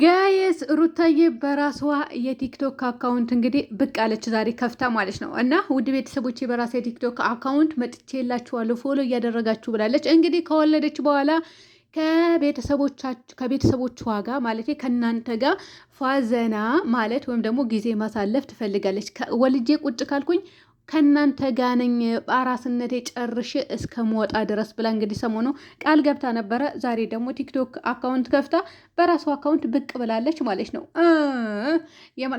ጋየስ ሩታዬ በራስዋ የቲክቶክ አካውንት እንግዲህ ብቅ አለች ዛሬ ከፍታ ማለት ነው። እና ውድ ቤተሰቦች በራሷ የቲክቶክ አካውንት መጥቼላችኋለሁ ፎሎ እያደረጋችሁ ብላለች። እንግዲህ ከወለደች በኋላ ከቤተሰቦቿ ጋር ማለት ከእናንተ ጋር ፋዘና ማለት ወይም ደግሞ ጊዜ ማሳለፍ ትፈልጋለች። ወልጄ ቁጭ ካልኩኝ ከእናንተ ጋር ነኝ በአራስነቴ ጨርሼ እስከ መወጣ ድረስ ብላ እንግዲህ ሰሞኑ ቃል ገብታ ነበረ። ዛሬ ደግሞ ቲክቶክ አካውንት ከፍታ በራሱ አካውንት ብቅ ብላለች ማለት ነው።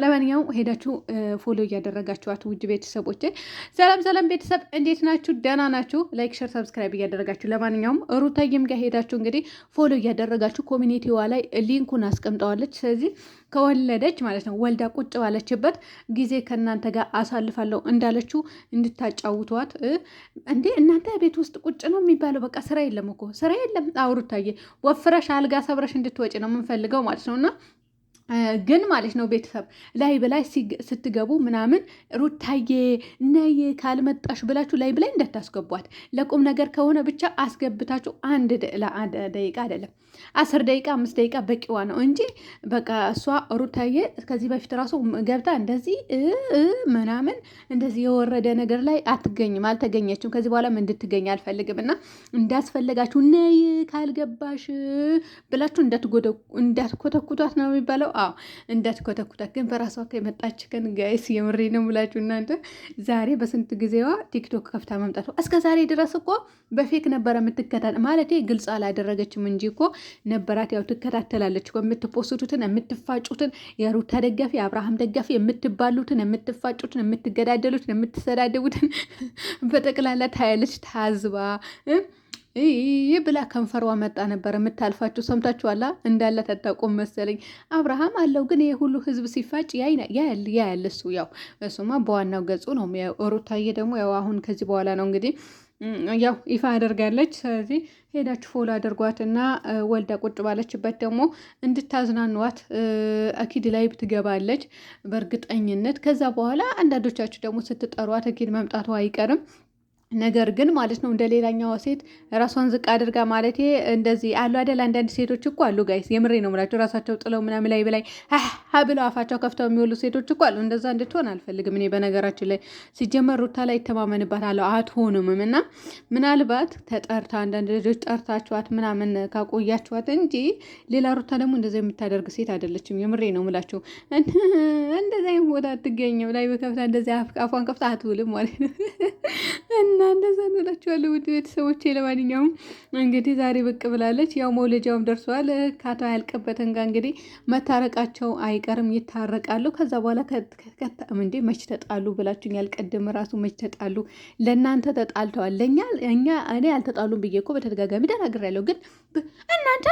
ለማንኛውም ሄዳችሁ ፎሎ እያደረጋችኋት ውድ ቤተሰቦች፣ ሰላም ሰላም ቤተሰብ እንዴት ናችሁ? ደህና ናችሁ? ላይክ፣ ሸር፣ ሰብስክራይብ እያደረጋችሁ ለማንኛውም ሩታዬም ጋር ሄዳችሁ እንግዲህ ፎሎ እያደረጋችሁ ኮሚኒቲዋ ላይ ሊንኩን አስቀምጠዋለች። ስለዚህ ከወለደች ማለት ነው ወልዳ ቁጭ ባለችበት ጊዜ ከእናንተ ጋር አሳልፋለሁ እንዳለችው እንድታጫውቷት። እንዴ እናንተ ቤት ውስጥ ቁጭ ነው የሚባለው? በቃ ስራ የለም እኮ ስራ የለም። አውሩታዬ ወፍረሽ አልጋ ሰብረሽ እንድትወጭ ነው የምንፈልገው ማለት ነው እና ግን ማለት ነው ቤተሰብ ላይ በላይ ስትገቡ ምናምን ሩታዬ ነይ ካልመጣሽ ብላችሁ ላይ በላይ እንዳታስገቧት። ለቁም ነገር ከሆነ ብቻ አስገብታችሁ አንድ ደቂቃ አይደለም አስር ደቂቃ አምስት ደቂቃ በቂዋ ነው እንጂ በቃ እሷ ሩታዬ ከዚህ በፊት ራሱ ገብታ እንደዚህ ምናምን እንደዚህ የወረደ ነገር ላይ አትገኝም፣ አልተገኘችም። ከዚህ በኋላ እንድትገኝ አልፈልግም እና እንዳስፈለጋችሁ ነይ ካልገባሽ ብላችሁ እንዳትኮተኩቷት ነው የሚባለው አዎ እንዳትኮተኩታት ግን በራሷ ከመጣች ቀን ጋይስ የምሬ ነው ምላችሁ እናንተ ዛሬ በስንት ጊዜዋ ቲክቶክ ከፍታ መምጣት እስከ ዛሬ ድረስ እኮ በፌክ ነበረ የምትከታተል ማለት ግልጽ አላደረገችም እንጂ እኮ ነበራት። ያው ትከታተላለች እኮ የምትፖስቱትን፣ የምትፋጩትን የሩታ ደጋፊ የአብርሃም ደጋፊ የምትባሉትን፣ የምትፋጩትን፣ የምትገዳደሉትን፣ የምትሰዳደቡትን በጠቅላላ ታያለች ታዝባ ይህ ብላ ከንፈሯ መጣ ነበር የምታልፋችሁ። ሰምታችኋላ እንዳለ ተጠቁም መሰለኝ አብርሃም አለው። ግን ይህ ሁሉ ህዝብ ሲፋጭ ያያል ያያል። እሱ ያው እሱማ በዋናው ገጹ ነው። ሩታዬ ደግሞ ያው አሁን ከዚህ በኋላ ነው እንግዲህ ያው ይፋ አደርጋለች። ስለዚህ ሄዳችሁ ፎሎ አድርጓትና ወልዳ ቁጭ ባለችበት ደግሞ እንድታዝናኗት አኪድ ላይ ትገባለች በእርግጠኝነት። ከዛ በኋላ አንዳንዶቻችሁ ደግሞ ስትጠሯት አኪድ መምጣቷ አይቀርም። ነገር ግን ማለት ነው እንደ ሌላኛው ሴት ራሷን ዝቅ አድርጋ ማለት እንደዚህ አሉ አይደል? አንዳንድ ሴቶች እኮ አሉ ጋይስ፣ የምሬ ነው የምላቸው ራሳቸው ጥለው ምናምን ላይ በላይ ብለው አፋቸው ከፍተው የሚወሉ ሴቶች እኮ አሉ። እንደዛ እንድትሆን አልፈልግም እኔ በነገራችን ላይ ሲጀመር ሩታ ላይ ይተማመንባት አለው አትሆንም እና ምናልባት ተጠርታ አንዳንድ ልጆች ጠርታችኋት ምናምን ካቆያችኋት እንጂ ሌላ ሩታ ደግሞ እንደዚ የምታደርግ ሴት አይደለችም። የምሬ ነው የምላቸው እንደዚ ቦታ አትገኝም። ላይ በከፍታ እንደዚ አፏን ከፍታ አትውልም ማለት ነው እና እንደዛ እንላችኋለሁ ውድ ቤተሰቦቼ። ለማንኛውም እንግዲህ ዛሬ ብቅ ብላለች። ያው መውለጃውም ደርሰዋል። ካቷ ያልቅበትን ጋር እንግዲህ መታረቃቸው አይቀርም ይታረቃሉ። ከዛ በኋላ ከታም እንዴ መች ተጣሉ ብላችሁኝ ያልቀድም ራሱ መች ተጣሉ። ለእናንተ ተጣልተዋል። ለእኛ እኛ እኔ አልተጣሉም ብዬ እኮ በተደጋጋሚ ደናግሬያለሁ። ግን እናንተ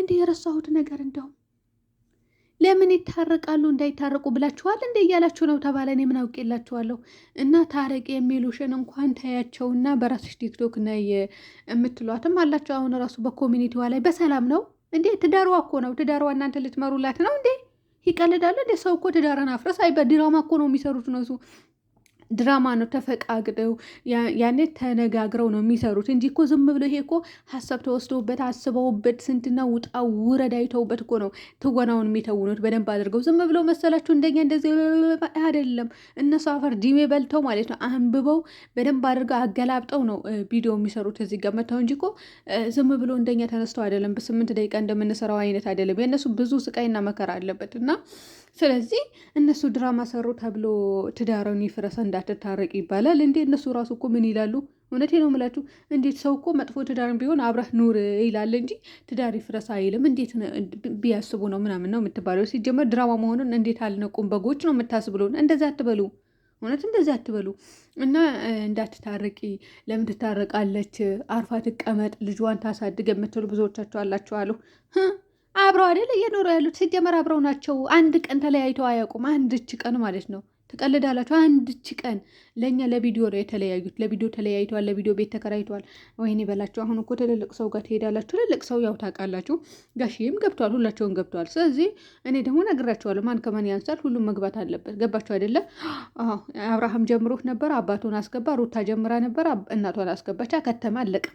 እንዲህ የረሳሁት ነገር እንደውም ለምን ይታረቃሉ? እንዳይታረቁ ብላችኋል እንደ እያላችሁ ነው ተባለ። እኔ ምን አውቄላችኋለሁ? እና ታረቅ የሚሉሽን እንኳን ታያቸውና በራስሽ ቲክቶክ ነይ የምትሏትም አላቸው። አሁን ራሱ በኮሚኒቲዋ ላይ በሰላም ነው እንዴ? ትዳሯ እኮ ነው ትዳሯ። እናንተ ልትመሩላት ነው እንዴ? ይቀልዳሉ እንደ ሰው እኮ ትዳርን አፍረስ። አይ በድራማ እኮ ነው የሚሰሩት። ነው ድራማ ነው። ተፈቃግደው ያኔ ተነጋግረው ነው የሚሰሩት እንጂ እኮ ዝም ብሎ ይሄ እኮ ሀሳብ ተወስደውበት አስበውበት ስንትና ውጣ ውረድ አይተውበት እኮ ነው ትወናውን የሚተውኑት በደንብ አድርገው። ዝም ብሎ መሰላችሁ እንደኛ እንደዚህ አይደለም። እነሱ አፈር ዲሜ በልተው ማለት ነው አንብበው በደንብ አድርገው አገላብጠው ነው ቪዲዮ የሚሰሩት እዚህ ጋር መተው እንጂ እኮ ዝም ብሎ እንደኛ ተነስተው አይደለም። በስምንት ደቂቃ እንደምንሰራው አይነት አይደለም። የእነሱ ብዙ ስቃይና መከራ አለበት እና ስለዚህ እነሱ ድራማ ሰሩ ተብሎ ትዳረውን ይፍረሰ እንዳትታረቅ ይባላል እንዴ? እነሱ ራሱ እኮ ምን ይላሉ? እውነቴ ነው የምላችሁ። እንዴት ሰው እኮ መጥፎ ትዳርን ቢሆን አብረህ ኑር ይላል እንጂ ትዳር ይፍረስ አይልም። እንዴት ቢያስቡ ነው ምናምን ነው የምትባለው። ሲጀመር ድራማ መሆኑን እንዴት አልነቁም? በጎች ነው የምታስብሉን። እንደዛ አትበሉ። እውነት እንደዚህ አትበሉ። እና እንዳትታረቂ ለምን ትታረቃለች? አርፋ ትቀመጥ፣ ልጇን ታሳድግ የምትሉ ብዙዎቻቸው አላችኋለሁ። አብረው አይደል እየኖሩ ያሉት? ሲጀመር አብረው ናቸው። አንድ ቀን ተለያይተው አያውቁም። አንድች ቀን ማለት ነው። ትቀልዳላችሁ። አንድች ቀን ለእኛ ለቪዲዮ ነው የተለያዩት። ለቪዲዮ ተለያይተዋል። ለቪዲዮ ቤት ተከራይተዋል። ወይኔ በላችሁ። አሁን እኮ ትልልቅ ሰው ጋር ትሄዳላችሁ። ትልልቅ ሰው ያው ታውቃላችሁ። ገብተዋል፣ ሁላቸውን ገብተዋል። ስለዚህ እኔ ደግሞ ነግራቸዋለሁ። ማን ከማን ያንሳል? ሁሉም መግባት አለበት። ገባችሁ አይደለ? አብርሃም ጀምሮት ነበር፣ አባቱን አስገባ። ሩታ ጀምራ ነበር፣ እናቷን አስገባች። ከተማ አለቀ።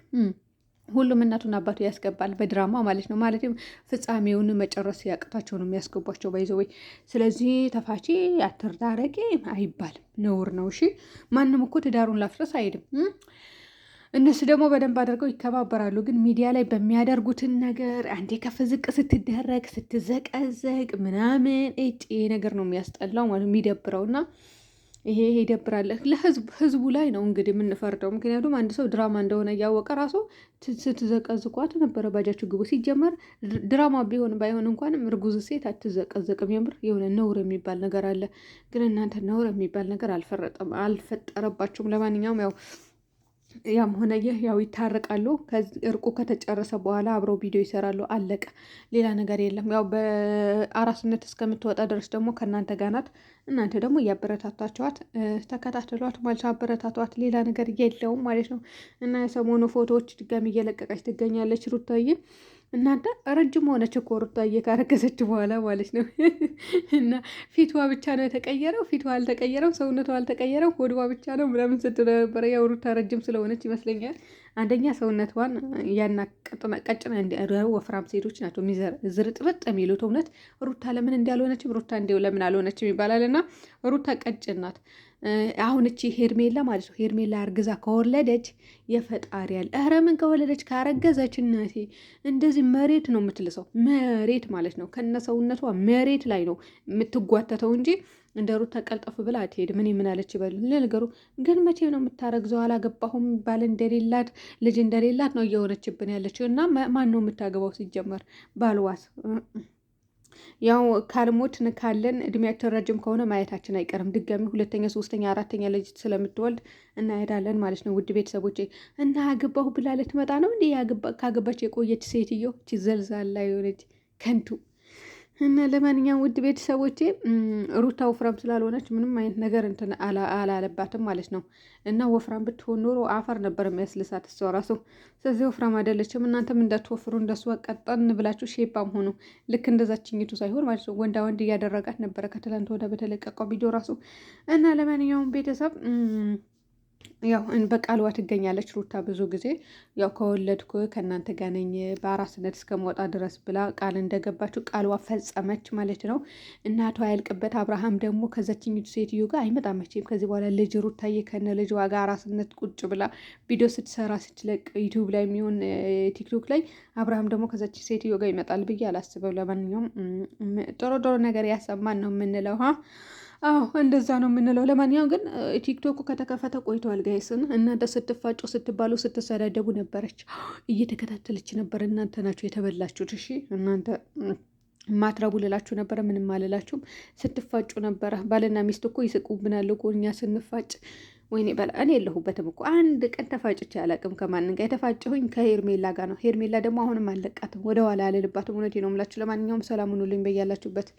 ሁሉም እናቱን አባቱ ያስገባል በድራማ ማለት ነው። ማለትም ፍጻሜውን መጨረስ ያቅታቸው ነው የሚያስገቧቸው ባይዘወይ። ስለዚህ ተፋቺ አትርዳረቂ አይባልም፣ ነውር ነው። እሺ ማንም እኮ ትዳሩን ላፍረስ አይሄድም። እነሱ ደግሞ በደንብ አድርገው ይከባበራሉ። ግን ሚዲያ ላይ በሚያደርጉትን ነገር አንዴ ከፍ ዝቅ ስትደረግ ስትዘቀዘቅ ምናምን እጭ ነገር ነው የሚያስጠላው ማለት የሚደብረውና ይሄ ይሄ ይደብራል። ለህዝብ ህዝቡ ላይ ነው እንግዲህ የምንፈርደው። ምክንያቱም አንድ ሰው ድራማ እንደሆነ እያወቀ ራሱ ስትዘቀዝቋት ነበረ ባጃችሁ ግቡ። ሲጀመር ድራማ ቢሆን ባይሆን እንኳንም እርጉዝ ሴት አትዘቀዘቅም። የምር የሆነ ነውር የሚባል ነገር አለ። ግን እናንተ ነውር የሚባል ነገር አልፈረጠም አልፈጠረባችሁም። ለማንኛውም ያው ያም ሆነ ይህ ያው ይታረቃሉ። እርቁ ከተጨረሰ በኋላ አብረው ቪዲዮ ይሰራሉ። አለቀ። ሌላ ነገር የለም። ያው በአራስነት እስከምትወጣ ድረስ ደግሞ ከእናንተ ጋር ናት። እናንተ ደግሞ እያበረታቷቸዋት ተከታተሏት፣ ማለት አበረታቷት። ሌላ ነገር የለውም ማለት ነው። እና የሰሞኑ ፎቶዎች ድጋሚ እየለቀቀች ትገኛለች ሩታዬ እናንተ ረጅም ሆነች እኮ ሩታዬ ካረገዘች በኋላ ማለት ነው። እና ፊቷ ብቻ ነው የተቀየረው፣ ፊቷ አልተቀየረው፣ ሰውነቷ አልተቀየረው፣ ሆድዋ ብቻ ነው ምናምን ስትል ነበረ። ያው ሩታ ረጅም ስለሆነች ይመስለኛል። አንደኛ ሰውነቷን ያና ቀጭና ወፍራም ሴቶች ናቸው ዝርጥርጥ የሚሉት እውነት ሩታ ለምን እንዲያልሆነችም ሩታ እንዲው ለምን አልሆነችም ይባላል። እና ሩታ ቀጭን ናት። አሁን እቺ ሄርሜላ ማለት ነው። ሄርሜላ አርግዛ ከወለደች የፈጣሪ ያለ እረ ምን ከወለደች ካረገዘች፣ እናቴ እንደዚህ መሬት ነው የምትልሰው። መሬት ማለት ነው ከነሰውነቷ መሬት ላይ ነው የምትጓተተው እንጂ እንደ ሩት ተቀልጠፍ ብላ አትሄድም። ምን አለች ይበሉ ለነገሩ ግን መቼ ነው የምታረግዘው? አላገባሁም ባል እንደሌላት ልጅ እንደሌላት ነው እየሆነችብን ያለችው። እና ማን ነው የምታገባው ሲጀመር ባልዋስ ያው ካልሞት ካለን እድሜያችን ረጅም ከሆነ ማየታችን አይቀርም። ድጋሚ ሁለተኛ፣ ሶስተኛ፣ አራተኛ ልጅ ስለምትወልድ እናሄዳለን ማለት ነው። ውድ ቤተሰቦች እና ያገባሁ ብላ መጣ ነው እንዲህ ካገባች የቆየች ሴትዮ ዘልዛላ የሆነች ከንቱ እና ለማንኛውም ውድ ቤተሰቦቼ ሩታ ወፍራም ስላልሆነች ምንም አይነት ነገር እንትን አላለባትም ማለት ነው። እና ወፍራም ብትሆን ኖሮ አፈር ነበር የሚያስልሳት እሷ ራሱ። ስለዚህ ወፍራም አይደለችም። እናንተም እንዳትወፍሩ እንደሷ ቀጠን ብላችሁ ሼፓም ሆኑ። ልክ እንደዛችኝቱ ሳይሆን ማለት ነው። ወንዳ ወንድ እያደረጋት ነበረ ከትላንት ወደ በተለቀቀው ቪዲዮ ራሱ እና ለማንኛውም ቤተሰብ ያው በቃልዋ ትገኛለች ሩታ ብዙ ጊዜ ያው ከወለድኩ ከእናንተ ጋር ነኝ በአራስነት እስከመውጣ ድረስ ብላ ቃል እንደገባችው ቃልዋ ፈጸመች ማለት ነው። እናቷ ያልቅበት። አብርሃም ደግሞ ከዘችኝቱ ሴትዮ ጋር አይመጣም መቼም ከዚህ በኋላ ልጅ ሩታዬ ከነ ልጅ ዋጋ አራስነት ቁጭ ብላ ቪዲዮ ስትሰራ ስትለቅ ዩቲዩብ ላይ የሚሆን ቲክቶክ ላይ አብርሃም ደግሞ ከዘች ሴትዮ ጋር ይመጣል ብዬ አላስብም። ለማንኛውም ጥሩ ጥሩ ነገር ያሰማን ነው የምንለው። አዎ እንደዛ ነው የምንለው። ለማንኛውም ግን ቲክቶክ ከተከፈተ ቆይተዋል ጋይስን። እናንተ ስትፋጩ፣ ስትባሉ፣ ስትሰዳደቡ ነበረች እየተከታተለች ነበር። እናንተ ናችሁ የተበላችሁት። እሺ እናንተ ማትረቡ ልላችሁ ነበረ። ምንም አልላችሁም። ስትፋጩ ነበረ። ባልና ሚስት እኮ ይስቁብናል እኮ እኛ ስንፋጭ። ወይኔ በላ እኔ የለሁበትም እኮ አንድ ቀን ተፋጭቼ አላቅም ከማንን ጋር። የተፋጨሁኝ ከሄርሜላ ጋር ነው። ሄርሜላ ደግሞ አሁንም አለቃትም፣ ወደኋላ አልልባትም። እውነቴ ነው የምላችሁ። ለማንኛውም ሰላም ሁኑልኝ በያላችሁበት።